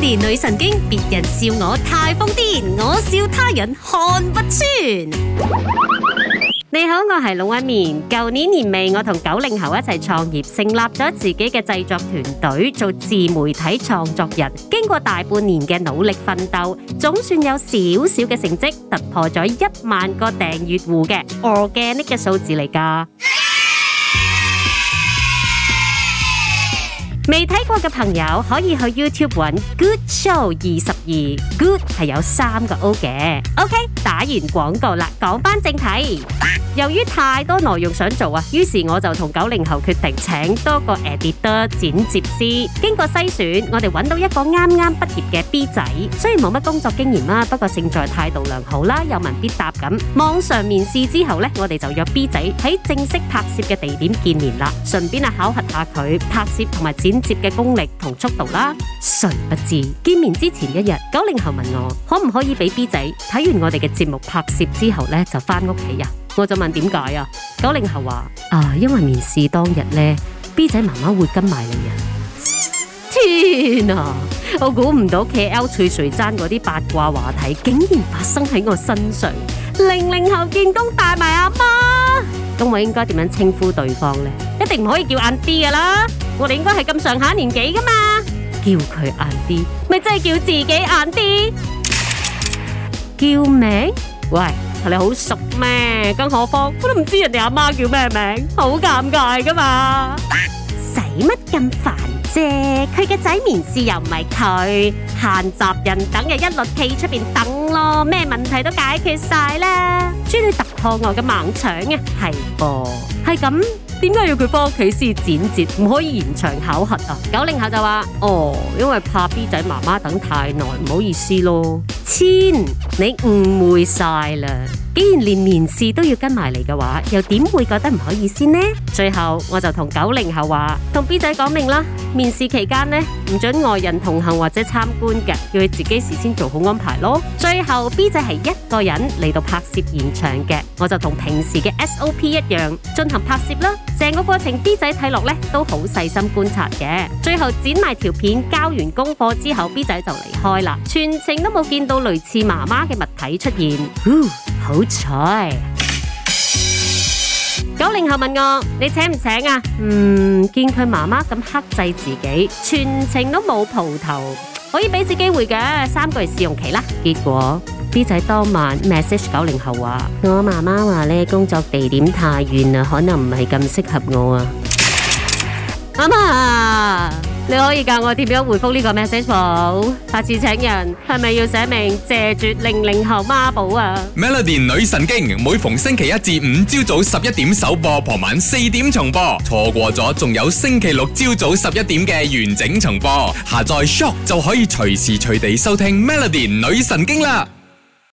年女神經，別人笑我太瘋癲，我笑他人看不穿。你好，我係龍紋敏。舊年年尾，我同九零後一齊創業，成立咗自己嘅製作團隊，做自媒體創作人。經過大半年嘅努力奮鬥，總算有少少嘅成績，突破咗一萬個訂閱戶嘅，我嘅呢個數字嚟噶。未睇過嘅朋友可以去 YouTube 揾 Good Show 二十二，Good 係有三個 O 嘅。OK，打完廣告啦，講翻正題。啊、由於太多內容想做啊，於是我就同九零後決定請多個 editor 剪接師。經過篩選，我哋揾到一個啱啱畢業嘅 B 仔，雖然冇乜工作經驗啦，不過勝在態度良好啦，有問必答咁。網上面試之後呢，我哋就約 B 仔喺正式拍攝嘅地點見面啦，順便啊考核下佢拍攝同埋剪。接嘅功力同速度啦，誰不知見面之前一日，九零後問我可唔可以俾 B 仔睇完我哋嘅節目拍攝之後呢，就翻屋企啊？我就問點解啊？九零後話啊，因為面試當日呢 B 仔媽媽會跟埋嚟啊！天啊，我估唔到 K L 翠水爭嗰啲八卦話題竟然發生喺我身上。零零後見工帶埋阿媽，咁我應該點樣稱呼對方呢？一定唔可以叫阿 B 噶啦。我哋應該係咁上下年紀噶嘛，叫佢硬啲，咪真係叫自己硬啲。叫名，喂，同你好熟咩？更何況，我都唔知人哋阿媽叫咩名，好尷尬噶嘛。使乜咁煩啫？佢嘅仔面試又唔係佢，閒雜人等嘅一律企出邊等咯，咩問題都解決晒啦。終於突破我嘅盲腸啊，係噃、啊，係咁。點解要佢翻屋企先剪接，唔可以延長考核啊？九零後就話：哦，因為怕 B 仔媽媽等太耐，唔好意思咯。千，你誤會晒啦。既然連面試都要跟埋嚟嘅話，又點會覺得唔可以先呢？最後我就同九零後話，同 B 仔講明啦。面試期間呢，唔準外人同行或者參觀嘅，要佢自己事先做好安排咯。最後 B 仔係一個人嚟到拍攝現場嘅，我就同平時嘅 SOP 一樣進行拍攝啦。成個過程 B 仔睇落呢都好細心觀察嘅。最後剪埋條片交完功課之後，B 仔就離開啦，全程都冇見到類似媽媽嘅物體出現。 好彩！九零後問我你請唔請啊？嗯，見佢媽媽咁克制自己，全程都冇蒲頭，可以俾次機會嘅，三個月試用期啦。結果 B 仔當晚 message 九零後話：我媽媽話呢工作地點太遠啦，可能唔係咁適合我啊。阿媽，媽。你可以教我點樣回覆呢個 message 冇？下次請人係咪要寫明謝絕零零後孖寶啊？Melody 女神經每逢星期一至五朝早十一點首播，傍晚四點重播，錯過咗仲有星期六朝早十一點嘅完整重播。下載 Shock 就可以隨時隨地收聽 Melody 女神經啦。